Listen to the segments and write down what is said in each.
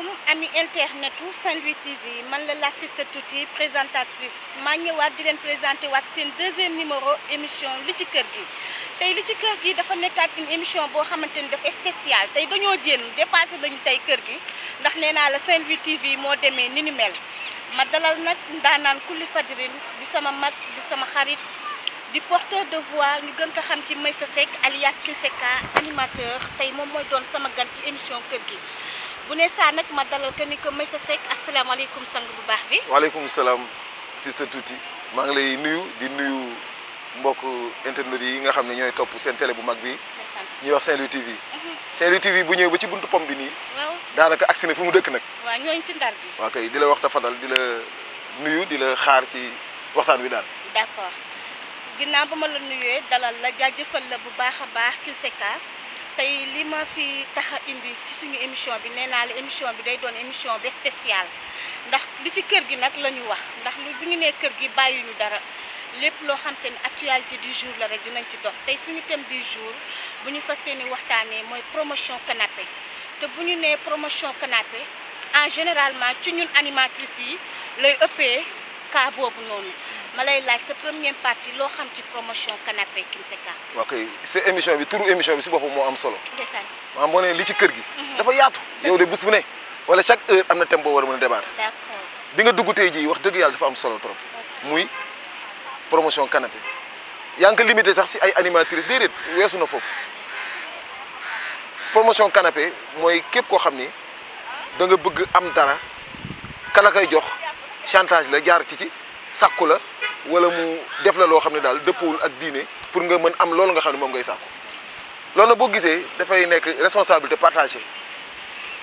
asalaamaaleykum ami internet u Saint Louis TV man la la siste tuuti présentatrice maa ñëwaat di leen présenté waat seen deuxième numéro émission li ci kër gi tey li ci kër gi dafa nekkaat une émission boo xamante ni dafa spéciale tey dañoo jéem dépassé lañu tey kër gi ndax nee naa la Saint Louis TV moo demee ni ni mel ma dalal nag ndaanaan kulli fadirin di sama mag di sama xarit di porteur de voix ñu gën ko xam ci Meissa Seck alias Kilseka animateur tey moom mooy doon sama gan ci émission kër gi bu ne saa nag ma dalal ko ni ko Meissa Seck asalaamaaleykum sang bu baax bi. waaleykum salaam sista Tuuti maa ngi lay nuyu di nuyu mbokk internet yi nga xam ne ñooy topp seen télé bu mag bi ñuy wax seen louis TV. Saint-Louis TV mhm. bu ñëw ba ci buntu pom bi nii. daanaka agsi na fi mu dëkk nag. waaw ñooñu ci ndar bi. waaw di la wax tafadal di la nuyu di la xaar ci waxtaan wi daal. d'accord ginnaaw ba ma la nuyee dalal la jaajëfal la bu baax a baax Seck tey li ma fi tax indi ci suñu émission bi nee la émission bi day doon émission bi spéciale ndax li ci kër gi nak lañu wax ndax lu bi ñu nee kër gi bàyyiñu dara lepp lo xam actualité du jour la rek dinañ ci dox tay suñu thème du jour bu ñu fas yéene waxtaanee promotion canapé te bu ñu nee promotion canapé en généralement ci ñun animatrice yi lay ëppee cas boobu noonu. ma lay laaj sa première partie loo xam ci promotion canapé Kimseka. ok sa émission bi turu émission bi si boppam moo am solo. ndeysaan moo ne li ci kër gi. Mhm. dafa yaatu yow de bés bu ne. wala chaque heure am na thème boo war a mën a débattre. bi nga dugg te ji wax dëgg yàlla dafa am solo trop. muy promotion canapé yaa ngi ko limité sax si ay animatrices déedéet weesu na foofu. promotion canapé mooy képp koo xam ni danga bëgg am dara kala jox chantage la jaar ci ci sàkku la. wala mu def la loo xam ne daal dëppwul ak diine pour nga mën am loolu nga xam ne moom ngay sàkku loolu na boo gisee dafay nekk responsabilité partagée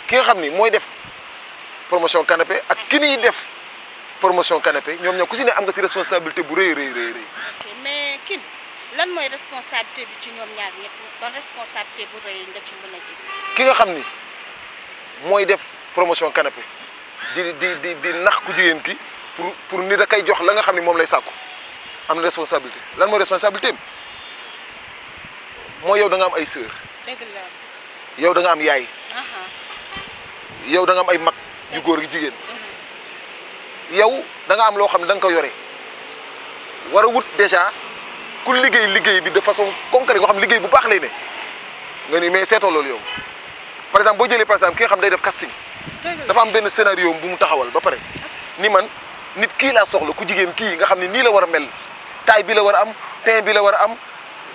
ki nga xam ni mooy def promotion canapé ak ki niy def promotion canapé ñoom ñoo ku si am nga si responsabilité bu rëy rëy mais kin lan mooy responsabilité ci ñoom nga xam ni mooy def promotion canapé di di di di nax ku jigéen ki. pour pour ni da kay jox la nga xamni mom lay sakku am na responsabilité lan mooy responsabilité am yow da nga am ay sœur yow da nga am yaay yow da nga am ay mak yu goor yu jigen mhm. yow da nga am lo xamni da nga ko yoré wara wut déjà ku liggéey liggéey bi de façon concrète nga xam liggéey bu baax lay né nga ni mais seetoo loolu yow par exemple bo jëlé par exemple ki nga xam day def casting dafa am ben scénario bu mu taxawal ba paré ni man nit kii laa soxla ku jigéen kii nga xam ne nii la war a mel taille bi la war a am teint bi la war a am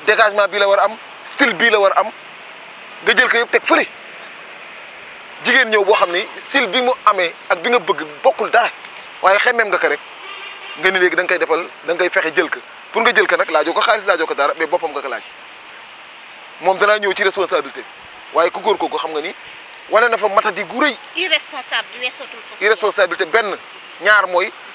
dégagement bi la war a am style bii la war a am nga jël ko yëpp teg fële jigéen ñëw boo xam ni style bi mu amee ak bi nga bëgg bokkul dara waaye xemmeem nga ko rek nga ni léegi da nga koy defal da nga fexe jël ko pour nga jël ko nag laajoo ko xaalis laajoo ko dara mais boppam nga ko laaj moom danaa ñëw ci responsabilité waaye ku góor kooku xam nga ni wane na fa matadi gu rëy. irresponsable weesootul ko. irresponsabilité benn ñaar mooy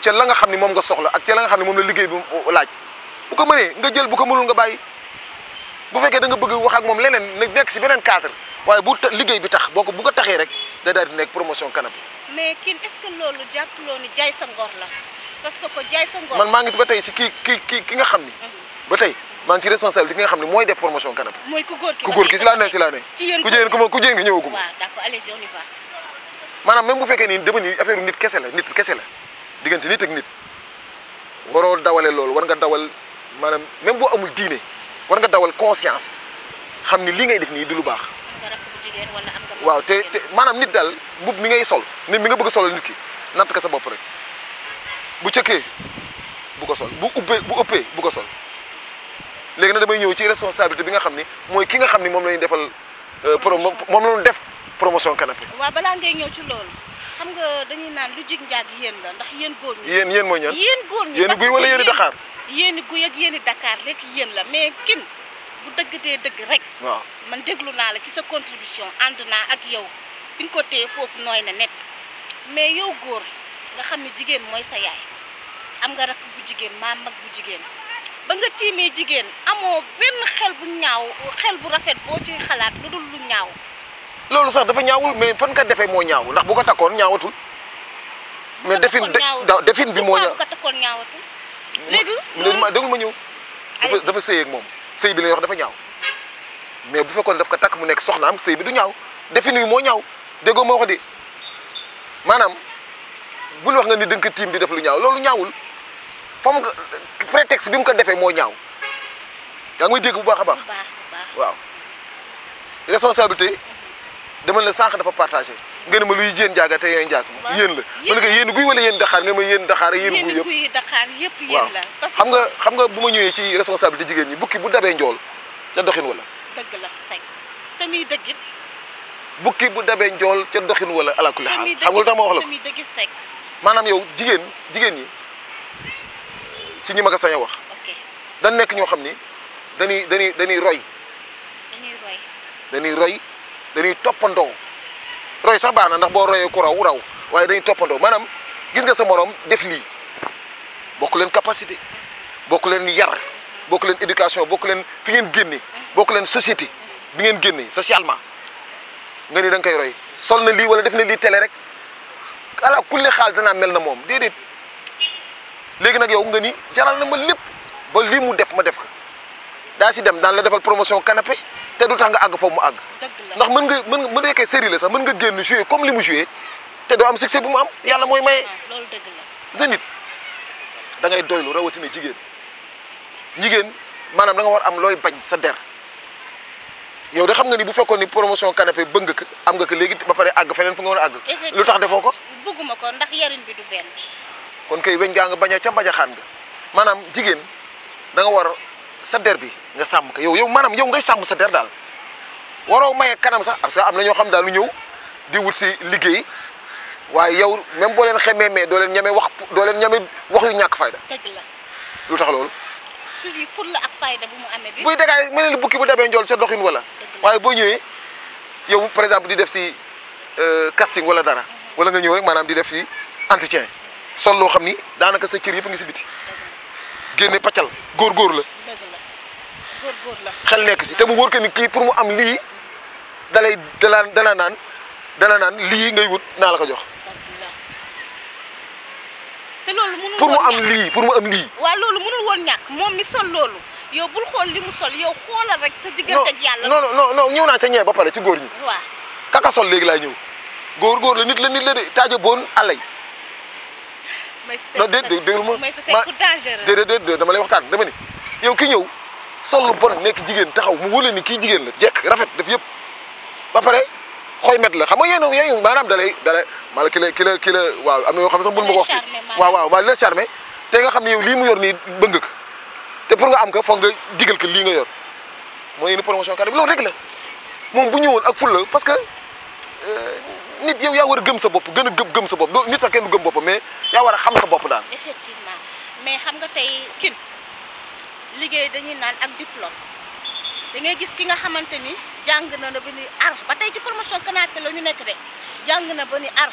ci la nga xamni mom nga soxla ak ci la nga xamni mom la liggey bu laaj bu ko mene nga jël bu ko mënul nga bayyi bu fekke da nga bëgg wax ak mom leneen nek ci benen cadre waye bu liggey bi tax boko bu ko taxé rek da daal nek promotion canapé mais kin est ce que loolu jàppuloo ni jay sa ngor la parce que ko jay sa ngor man ma ngi ba tey si ki kii ki nga xamni ni mhm. ba tey maa ci responsable di nga xamni moy def promotion canapé moy ku gor ki ku gor ki si laa ne ci la ne ku jigéen ku ma ku jigéen nga ñëwaguma wa d'accord allez on y va manam même bu fekke ni dama ni affaire nit kessela nit kessela diggante nit ak nit waroo dawale loolu war nga dawal maanaam même boo amul diine war nga dawal conscience xam ni li ngay def nii di lu baax. waaw te te maanaam nit daal mbub mi ngay sol nit mi nga bëgg solal nit ki natt ko sa bopp rek bu cëkkee bu ko sol bu ubbee bu ëppee bu ko sol léegi nag damay ñëw ci responsabilité bi nga xam ni mooy ki nga xam ni moom la defal. Euh, promo moom la ñu def promotion canapé. waaw balaa ngay ñëw ci loolu. xam nga dañuy naan lu jig njaag yéen la ndax yéen góor ñi. yéen yéen mooy ñan yéen góor ñi yéen guy wala yéen i Dakar yéen i guy ak yéen i Dakar yéen la mais kin bu dëgg dee dëgg rek waaw man déglu naa la ci sa contribution ànd naa ak yow fi nga ko téye foofu nooy na nekk mais yow góor nga xam ne jigéen mooy sa yaay am nga rakk bu jigéen maa mag bu jigéen ba nga tiimee jigéen amoo benn xel bu ñaaw xel bu rafet boo ci xalaat lu dul lu ñaaw loolu sax dafa ñaawul mais fan ka defee moo ñaaw ndax bu ko takkoon ñaawatul. mais defin defin bi moo ñaaw bu ko takkoon ñaawatul. léegi loolu ma ñëw. dafa dafa moom sëy bi la wax dafa ñaaw. mais bu fekkoon daf ko takk mu nekk soxnaam sëy bi du ñaaw defin wi moo ñaaw déggoo ma wax di maanaam bul wax nga ni dënk tiim di def lu ñaaw loolu ñaawul fa mu prétexte bi mu ko defee moo ñaaw yaa ngi may dégg bu baax a baax. waaw responsabilité. demal la sànq dafa partagé nga ne ma luy jéen jaaga te yéen jaag yéen la ma ne ko yéen guy wala yéen daxaar nga ma yéen daxaar yéen guy yëpp waaw xam nga xam bu ma ñëwee ci responsabilité jigéen ñi bukki bu dabee njool ca doxin wala bukki bu dabee njool ca doxin wala alakuli xaal xam nga lu tax ma wax la ko maanaam yow jigéen jigéen ñi ci ñi ma ko sañ wax dañ nekk ñoo xam ni dañuy dañuy dañuy roy dañuy roy dañuy toppandoo roy sax baax na ndax boo royee ku raw raw waaye dañuy toppandoo maanaam gis nga sa moroom def lii bokk leen capacité bokk leen yar bokk leen éducation bokk leen fi ngeen génne bokk leen société bi ngeen génne socialement nga ni da nga koy roy sol na lii wala def na lii télé rek ala kulli xaal danaa mel na moom déedéet léegi nag yow nga ni jaral na ma lépp ba lii mu def ma def ko daa si dem daan la defal promotion canapé té du tax nga ag fo mu ag ndax mën nga mën mën nekké série la sax mën nga genn jouer comme limu jouer té do am succès bu mu am yalla moy may ah, lolu deug la sa nit da ngay doylu rawati ni jigen jigen manam da nga war am loy bañ sa der yow da xam nga ni bu fekkone ni promotion canapé bëng ka am nga ko légui ba paré ag fenen fu nga wara ag lu tax defo ko bëgguma ko ndax yarin bi du ben kon kay weñ nga nga baña ca baña xaan nga manam jigen da nga war sa der bi nga sam ko yow yow manam yow ngay sam sa der daal waroo maye kanam sax parce que am na xam daal lu ñew di wut ci liggey waye yow même bo len xeme me do len ñame wax do len ñame wax yu ñak fayda. dëgg la lu tax loolu. suuf yi ful la ak fayda bu mu amé bi. buy dégay mel ni bukki bu débé njool ci doxine wala. waye bo ñewé yow par exemple di def ci euh casting wala dara. Mhm. wala nga ñew rek manam di def ci entretien. sol lo xamni danaka sa cër yep ngi ci biti. génne paccal góor góor la. xel nekk si te mu wóor que ni kii pour mu am lii dalay dala dala naan dala naan lii ngay wut naa la ko jox. te loolu mënul pour mu am lii pour mu am lii. waaw loolu mënul woon ñàkk moom mi sol loolu yow bul xool li mu sol yow xoolal rek. sa diggante ak yàlla non ñëw naa ca ñee ba pare ci góor ñi. waaw kaka sol léegi laa ñëw. góor góor la nit la nit la de taaja boon àllay. non déedéet déglu ma ma dama lay waxtaan dama ni yow ki ñëw. sol lu bon nekk jigéen taxaw mu wóole ni kii jigéen la jekk rafet def yëpp ba pare xoy met la xam nga yéen a yéen maanaam dalay dalay maanaam ki la waaw am na yoo xam ne sax mën ma ko wax fi waaw waaw la charmé te nga xam ne yow lii mu yor nii bëgg ko te pour nga am ko foog nga digal ko lii nga yor mooy une promotion carré bi loolu rek la moom bu ñëwoon ak fulla parce que euh, nit yow yaa war a gëm sa bopp gën a gëm gëm sa bopp nit sax kenn gëm boppam mais yaa war a xam sa bopp daal xam nga liggéey dañuy naan ak diplôme da ngay gis ki nga xamante ni jàng na ba ni ar ba tey ci promotion canapé la ñu nekk de jàng na ba ni ar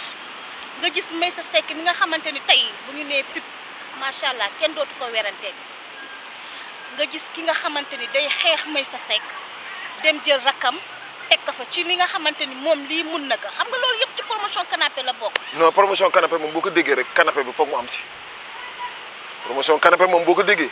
nga gis Meissa Seck mi nga xamante ni tey bu ñu nee pip macha allah kenn dootu ko werante nga gis ki nga xamante ni day xeex Meissa Seck dem jël rakam teg ko fa ci li nga xamante ni moom lii mun na ko xam nga loolu yëpp ci promotion canapé la bokk. non promotion canapé moom boo ko déggee rek canapé bi foog mu am ci promotion canapé moom boo ko déggee.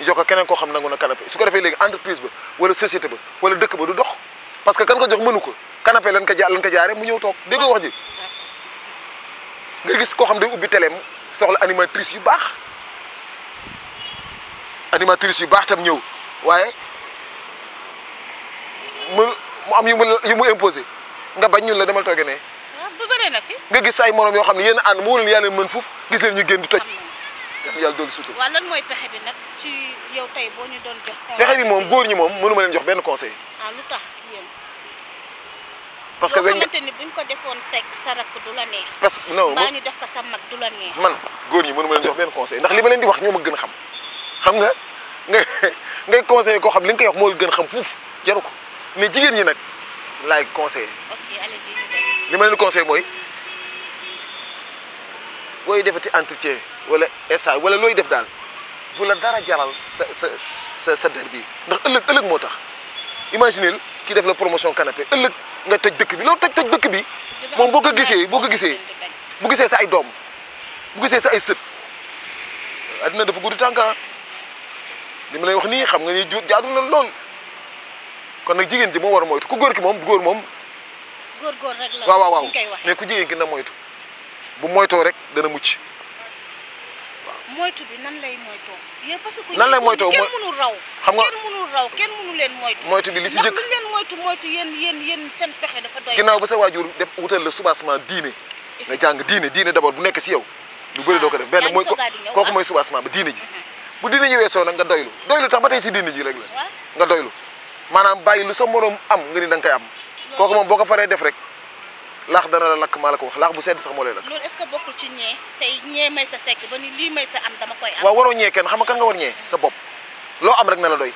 ñu jox ko keneen koo xam nangu na canapé su ko defee léegi entreprise ba wala société ba wala dëkk ba du dox parce que kan ko jox mënu ko canapé lan ko jaar lan ko jaaree mu ñëw toog dégg wax ji nga gis koo xam day ubbi teleem soxla animatrice yu baax animatrice yu baax tam ñëw waaye mu mu am yu mu yu mu imposé nga bañ ñun la demal tooge ne bu ah, bëree na nga gis ay morom yoo xam ne yéen ànd mu wóor leen mën fuuf gis leen ñu génn di toj. yàlla dolli sutura. waaw lan yow tey boo ñu doon jox. pexe bi moom góor ñi moom mënu ma leen jox benn conseil. Ah, lu tax yéen. parce que weñ boo xamante ni defoon sec sa rakk du la parce que non baa ñu def ko sa mag du la neex. man góor ñi mënu ma leen jox benn conseil ndax li ma leen di wax ñoo ma gën a xam xam nga ngay ngay conseillé koo xam li nga koy wax moo gën xam fuuf jaru ko mais jigéen ñi nag laay conseillé. ok li ma leen conseil mooy booy defati entretien wala essa wala looy def daal. bu la dara jaral sa sa sa sa der bi ndax ëllëg ëllëg moo tax imagineel la promotion canapé ëllëg nga toj dëkk bi loolu toj toj dëkk bi moom boo ko gisee boo ko gisee bu gisee sa ay doom bu gisee sa ay sët addina dafa gudd tànka li ma lay wax nii xam na lool kon nag jigéen ji moo war a moytu ku góor ki moom góor moom. góor góor rek la na moytu bu moytoo rek dana moytu bi nan lay moytoo. yéen parce que nan lay moytoo kenn mënul raw. xam nga kenn mënul raw kenn mënul leen moytu. moytu bi li si jëkk ndax leen moytu moytu yéen yéen yéen seen pexe dafa doy. ginnaaw ba sa waajur def wutal la soubassement diine. nga jàng diine diine d'abord bu nekk si yow. lu bëri doo ko def ah, benn mooy kooku ah. mooy soubassement ba diine ji. Mm-hmm. bu diine ji weesoo nag nga doylu doylu tax ba tey si diine ji rek la. nga doylu maanaam bàyyi lu sa moroom am nga ni da nga koy am. kooku moom boo ko faree def rek laax dana la lakk maa la ko wax laax bu sedd sax moo lay lakk. loolu est-ce que bokkul ci waaw waroo ñee kenn xam nga kan nga war ñee sa bopp loo am rek na la doy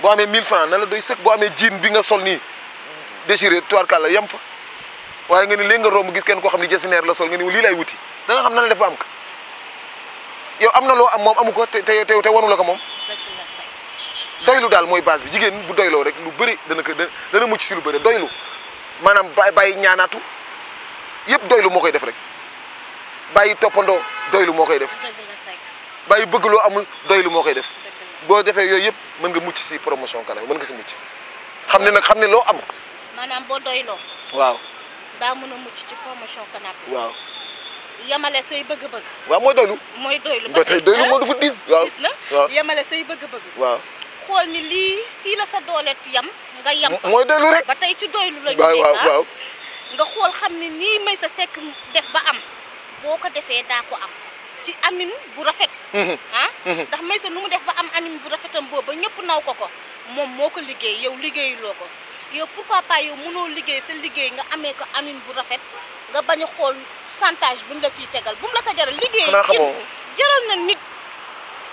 boo amee 1000 francs na la doy sëkk boo amee jiin bi nga sol nii déchiré tubaarkàlla yem fa waaye nga ni léegi nga romb gis kenn koo xam ni jasineer la sol nga ni lii lay wuti da nga xam na la def am ko yow am na loo am moom amu ko te te te wanu la ko moom. doylu daal mooy base bi jigéen bu doyloo rek lu bëri dana ko dana mucc si lu bëri doylu manam bay bàyyi ñaanaatu yëpp doylu mo koy def rek bàyyi toppandoo doylu mo koy def bàyyi bëgg lo amul doylu mo koy def bo defee yoy yépp mën nga mucc ci promotion Canabi mën nga ci mucc xam nak nag lo am. manam bo doyloo. waaw. daa mën a mucc ci promotion Canabi. waaw. yamale sey bëgg-bëgg. waaw mooy doylu. mooy doylu ba tey doylu moo dafa diis. waaw diis na yamale sey bëgg-bëgg. waaw. xool ni lii fii la sa doole yam nga yam mooy doylu rek ba tey ci doylu la ñu waaw ah. waaw nga xool xam ni nii may sa sekk def ba am boo ko defee daa ko am ci amin bu rafet mhm. ah mhm. ndax may sa nu mu def ba am amin bu rafetam boobu ba ñëpp naw ko ko moom moo ko liggéey yow liggéeyuloo ko yow pourquoi pas yow mënoo liggéey sa liggéey nga amee ko amin bu rafet nga bañ a xool chantage buñ la ciy tegal bu mu la ko jaral liggéey jaral na nit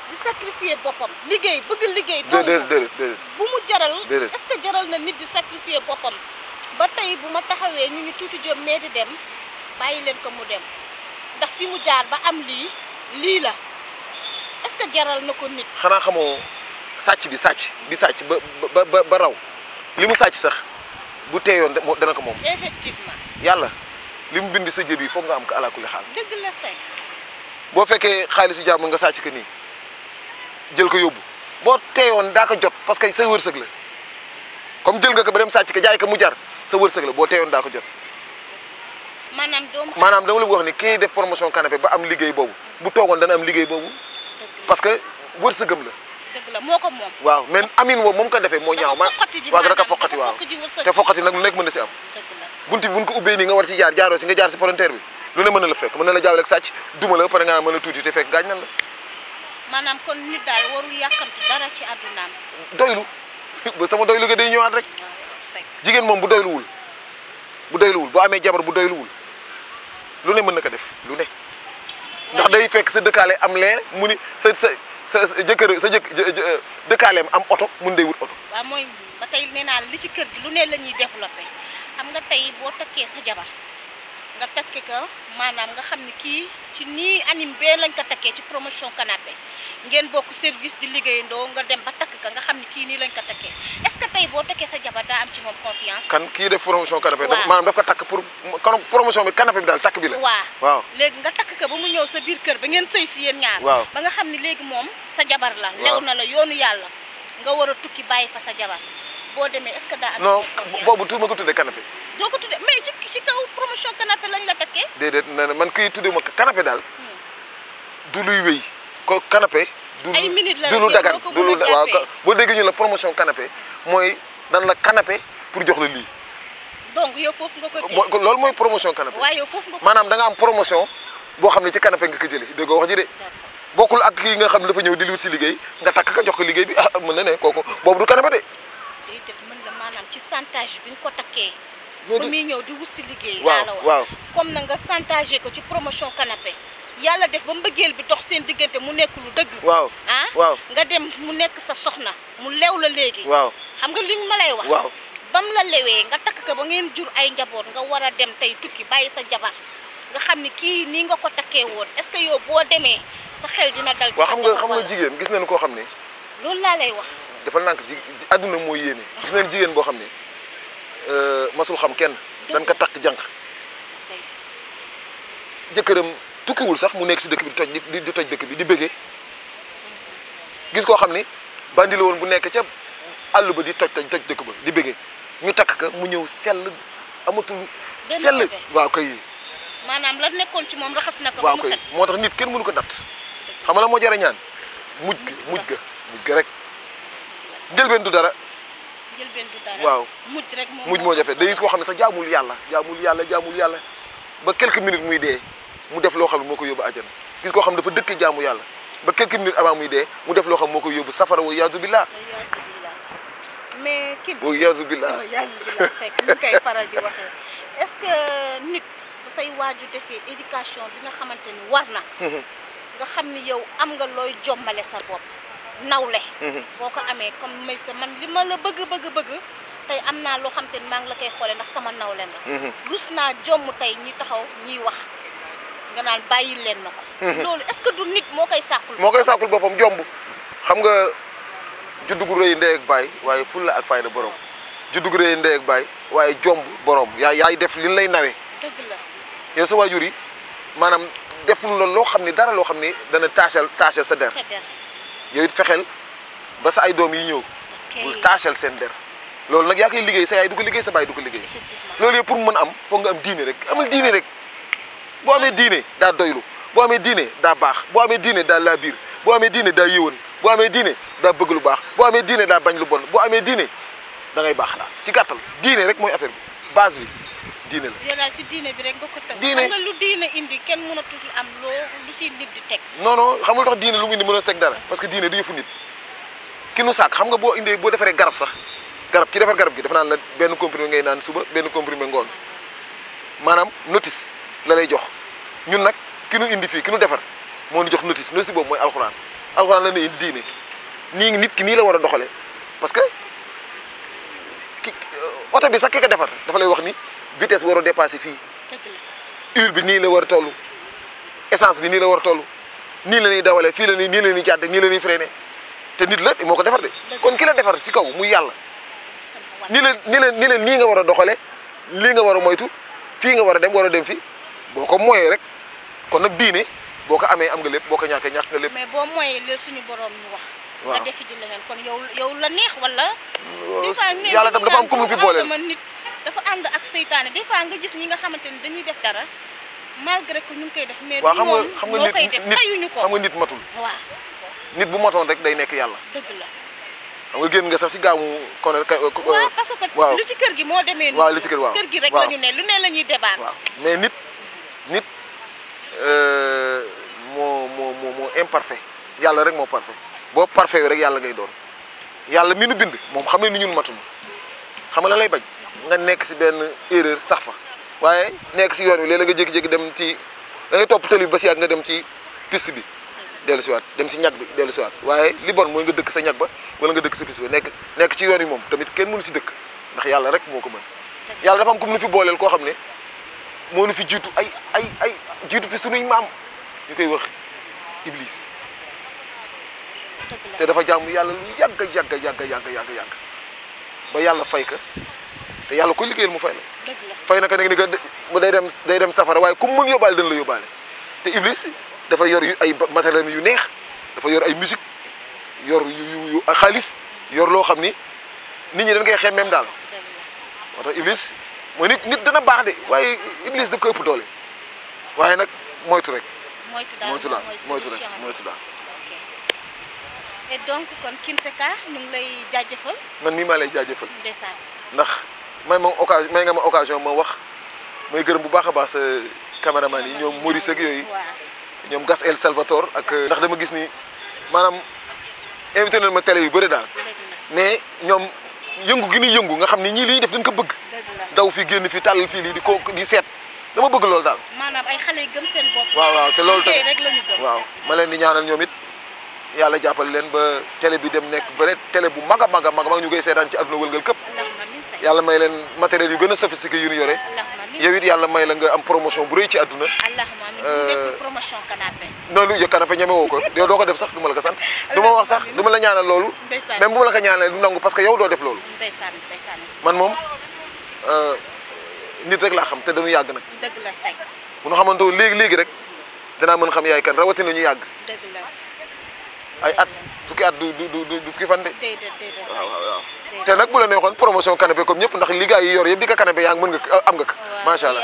di sacrifier boppam liggéey bëgg liggéey. déedéet déedéet bu mu jaral. est-ce jaral na nit di sacrifier boppam ba tey bu ma taxawee ñu ñu tuuti jom mee di dem bayi leen ko mu dem ndax fi mu jaar ba am lii lii la est-ce que jaral na ko nit. xanaa xamoo sàcc bi sàcc bi sàcc ba ba ba ba raw li mu sàcc sax bu teeyoon dana ko moom. effectivement sa nga am ko la nga jël ko yóbbu boo teeyoon daa ko jot parce que sa wërsëg la comme jël nga ko ba dem sàcc ko jaay ko mu jar sa wërsëg la boo teeyoon daa ko jot. maanaam doomu. maanaam dama la wax ni kii def promotion canapé am liggéey boobu bu toogoon dana am liggéey boobu. parce que wërsëgam la. dëgg la moo ko moom. waaw mais amin woowu moom ko defee moo ñaaw ma waaw daka foqati waaw te foqati nag lu nekk mën na si am. bunti bi bu ko ubbee nii nga war si jaar jaaroo si nga jaar si palanteer bi lu ne mën na la fekk mën na la jaawale sàcc duma la pare nga naan mën la tuuti la maanaam kon nit daal warul yàkkamti dara ci àddunaam. doylu ba sama doylu ga day ñëwaat rek. jigéen moom bu doyluwul bu doyluwul boo amee jabar bu doyluwul lu ne mën na ko def lu ne. ndax day fekk sa dëkkaale am leer mu ni sa sa sa jëkkër sa jëkk dëkkaaleem am oto mun day wut oto. waaw mooy ba tey nee naa li ci kër gi lu ne la ñuy développé xam nga tey boo takkee sa jabar. nga tekki ka maanaam nga xam ne kii ci nii anim bee lañ ko takkee ci promotion canapé ngeen bokk service di liggéeyandoo nga dem ba takk ka nga xam ne kii nii lañ ko takkee est-ce que tey boo takkee sa jabar daa am ci moom confiance. kan kii def promotion canapé. waaw maanaam ko takk pour promotion bi canapé bi daal takk bi la. waa waaw léegi nga takk ko ba mu ñëw sa biir kër ba ngeen sëy si yéen ñaar. waaw ba nga xam ne léegi moom sa jabar la. lew na la yoonu yàlla nga war a tukki bàyyi fa sa jabar. No, demee est ce que daa. non boobu tur ma ko tuddee canapé. doo ko tuddee mais ci ci promotion man dagan promotion canapé mooy dan la canapé pour jox la donc yow foofu promotion canapé. waaw yow foofu da nga am promotion boo xam ci canapé nga ko jëlee dégg wax ji de. bokkul ak kii nga xam dafa di liggéey nga ka jox ko liggéey bi ah mën na ne kooku boobu du canapé day def mën nga maanaam ci chantage bi nga ko takkee. ba muy ñëw di wut si liggéey. waaw la wax comme na nga chantage ko ci promotion canapé. yàlla def ba mbëggeel bi dox seen diggante mu nekk lu dëgg. waaw ah waaw nga dem mu nekk sa soxna mu lew la léegi. waaw xam nga liñ ma lay wax. waaw ba mu la lewee nga takk ko ba ngeen jur ay njaboot nga war a dem tey tukki bàyyi sa jabar nga xam ni kii nii nga ko takkee woon est-ce que yow boo demee sa xel dina dal. waaw xam nga jigéen gis nañu koo xam ne. loolu laa lay wax dafa nànk ji àdduna mooy yéene gis nañ jigéen boo xam ne euh, masul xam kenn dañ ko takk jànq jëkkëram tukkiwul sax mu nekk si dëkk bi di toj di toj dëkk bi di bëggee gis koo xam ne bandi la woon bu nekk ca àll ba di toj toj toj dëkk ba di bëggee ñu takk ka mu ñëw sell amatul sell waaw koy maanaam la nekkoon ci moom raxas na ko waaw koy moo tax nit kenn mënu ko dat xam la moo jar ñaan mujj mujj mujj rek njëlbeen du dara. du dara waaw. mujj rek moo mujj moo jafe day gis koo xam ne sax jaamul yàlla jaamul yàlla jaamul yàlla ba quelques minutes muy dee mu def loo xam ne moo ko yóbbu àjjana gis koo xam ne dafa dëkk jaamu yàlla ba quelques minutes avant muy dee mu def loo xam moo ko yóbbu safara wa yaasu billah. mais kii bi wa yaasu billah wa yaasu billah fekk ñu koy nit say waaju defee éducation bi nga xamante ni war na. nga xam ni yow am nga looy jommale sa bopp. nawle. Mhm. boo ko amee comme may sa man li ma la bëgg bëgg bëgg tey am naa loo xam te ni maa ngi la koy xoolee ndax sama nawle la. Mhm. rus naa jomm tey ñi taxaw ñiy wax nga naan bàyyi leen na ko. Mhm. loolu est-ce du nit moo koy sàkkul. moo koy sàkkul boppam jomb xam nga juddu gu rëy ndey baay waaye la ak fayda borom juddu gu rëy ndey baay waaye jomb borom yaa yaay def li lay nawee. dëgg la yow sa waajur yi maanaam deful la loo xam ne dara loo xam ne dana taasal taasal sa der. yow it fexeel ba sa ay doom yi ñëw. bul taachal seen der. loolu nag yaa koy liggéey sa yaay du ko liggéey sa baay du ko liggéey. loolu yëpp pour mu am foog nga am diine rek amul diine rek boo amee diine daa doylu boo amee diine daa baax boo amee diine daa laabiir boo amee diine daa yëwan boo amee diine daa bëgg lu baax boo amee diine daa bañ lu bon boo amee diine da ngay baax daal ci gàttal diine rek mooy affaire bi base bi. diine la yàlla ci diine bi rek nga ko teg diine nga lu diine indi kenn mënatul am loo lu si nit di teg non non xam nga tax diine lu mu indi mën a teg dara parce que diine du yëfu nit ki nu sàkk xam nga boo indee boo defaree garab sax garab ki defar garab gi dafa la benn comprimé ngay naan suba benn comprimé ngoon maanaam notice la lay jox ñun nag ki nu indi fi ki nu defar moo nu jox notice notice boobu mooy alxuraan alxuraan la nu indi diine nii nit ki nii la war a doxale parce que ki oto bi sax ki ko defar dafa lay wax ni vitesse war a dépassé heure bi nii la war a essence bi nii la war a toll la ñuy dawalee fii la ñuy la la nit la de kon ki la defar si kaw muy yàlla ni la ni la ni la nii nga war a doxalee nga war moytu fii nga war dem wara a dem fii boo ko moyee rek kon nag diine boo ko am nga lépp boo ko ñàkkee nga lépp. mais boo mooyee li suñu borom ñu wax. waaw defi di kon yow yow la neex wala. yàlla tam dafa am kum lu fi booleel dafa and ak seytane des fois nga gis ñi nga xamanteni dañuy def dara malgré ko ñu koy def. mais wa xam nga xam nga nit nit xam nga nit matul. wa nit bu maton rek day nekk yalla deug la. xam nga genn nga sax ci gaamu kon. wa parce que lu ci kër gi moo demee. wa lu ci kër wa kër gi rek lañu né lu né lañuy débat. wa mais nit nit euh mo mo mo imparfait yalla rek mo parfait bo parfait rek yalla ngay doon yalla mi nu bind mom xam ne ni ñun matunu xam nga la lay bañ nga nek ci ben erreur sax fa waaye nekk si yoon wi léeg nga jek jek dem ci da nga top tëli bi ba si ak nga dem ci piste bi ci wat dem ci ñag bi ci wat waye li bon moy nga dëkk sa ñag ba wala nga dëkk sa piste bi nek nek ci yoon wi tamit kenn mënu ci dëkk ndax yalla rek moko mën yalla dafa am kum mu nu fi bolel ko xamne mo nu fi jitu ay ay ay jitu fi suñu maam ñu koy wax iblis te dafa jamm yalla lu yagga yagga yàgg yàgg yàgg ba yalla fay ka te yàlla kuy liggéeyal mu fay la fay na ka nekk mu day dem day dem safara waaye comme mën yóbbaale dana la yóbbaale te iblis dafa yor yu ay matériel yu neex dafa yor ay musique yor yu yu xaalis yor loo xam ni nit ñi dañ koy xemmeem daal moo iblis mooy nit nit dana baax de waaye iblis de ko ëpp doole waaye nag moytu rek moytu daal moytu daal moytu rek moytu daal et donc kon Kinseka lay jaajëfal man mii maa lay jaajëfal ndax may ma occasion may nga ma occasion ma wax may gërëm bu baax a baax sa caméraman yi ñoom Maurice ak yooyu ñoom Gas El Salvatore ak ndax dama gis ni maanaam invité ma télé yu bëri daal mais ñoom yëngu gi ni yëngu nga xam ni ñii lii def dañ ko bëgg daw fi génn fi tàllal fii lii di ko di seet dama bëgg loolu daal waaw waaw te loolu tamit waaw ma leen di ñaanal ñoom it yàlla jàppal leen ba télé bi dem nekk vrai télé bu mag a mag a mag ñu koy seetaan ci àdduna wëlngal këpp yalla may len matériel yu gëna sophistiqué yu ñu yoré yow it yàlla may la nga am promotion bu reuy ci àdduna euh, promotion canapé noonu ya canapé ñeme woo ko yow doo ko def sax du ma la ko sant du ma wax sax du ma la ñaanal loolu même bu la ko du nangu parce que yow do def lolu man euh nit rek la xam te dañu yag nak deug la say bu ñu xamanto léegi léegi rek danaa mëna xam yaay kan rawati ñu la ay at fukki at du du du du fukki fan de. waaw waaw waaw. te nag bu la neexoon promotion canapé comme ñëpp ndax liggéey yi yor yëpp di ko canapé yaa ngi mën am nga ko. macha allah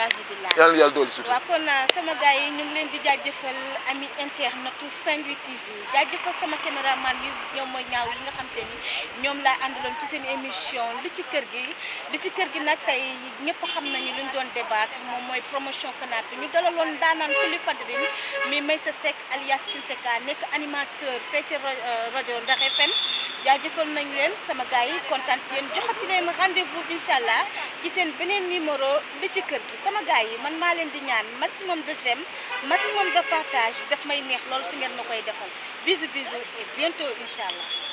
yalla yàlla dool surtout waaw kon euh, sama gaay ñu ngi leen di jaajëfal ami internet saint TV jaajëfal sama cameraman yu ñoom ñaaw yi nga xam te ni ñoom laa ci seen émission li ci kër gi li ci kër gi nak tay ñepp xam nañu luñ doon débat mom moy promotion FNAC bi ñu dalaloon daanaan Coly Fadrine mi meysa sek alias Kinseka nek animateur fee radio euh, rajo FM jaajëfal nañ leen sama gars yi kontaan joxati leen rendez-vous inshallah ci seen benen numéro li ci kër gi sama gaay man vous leen di ñaan maximum de j'aime maximum de partage daf may neex loolu su ngeen ma defal bisous bisous et bientôt inshallah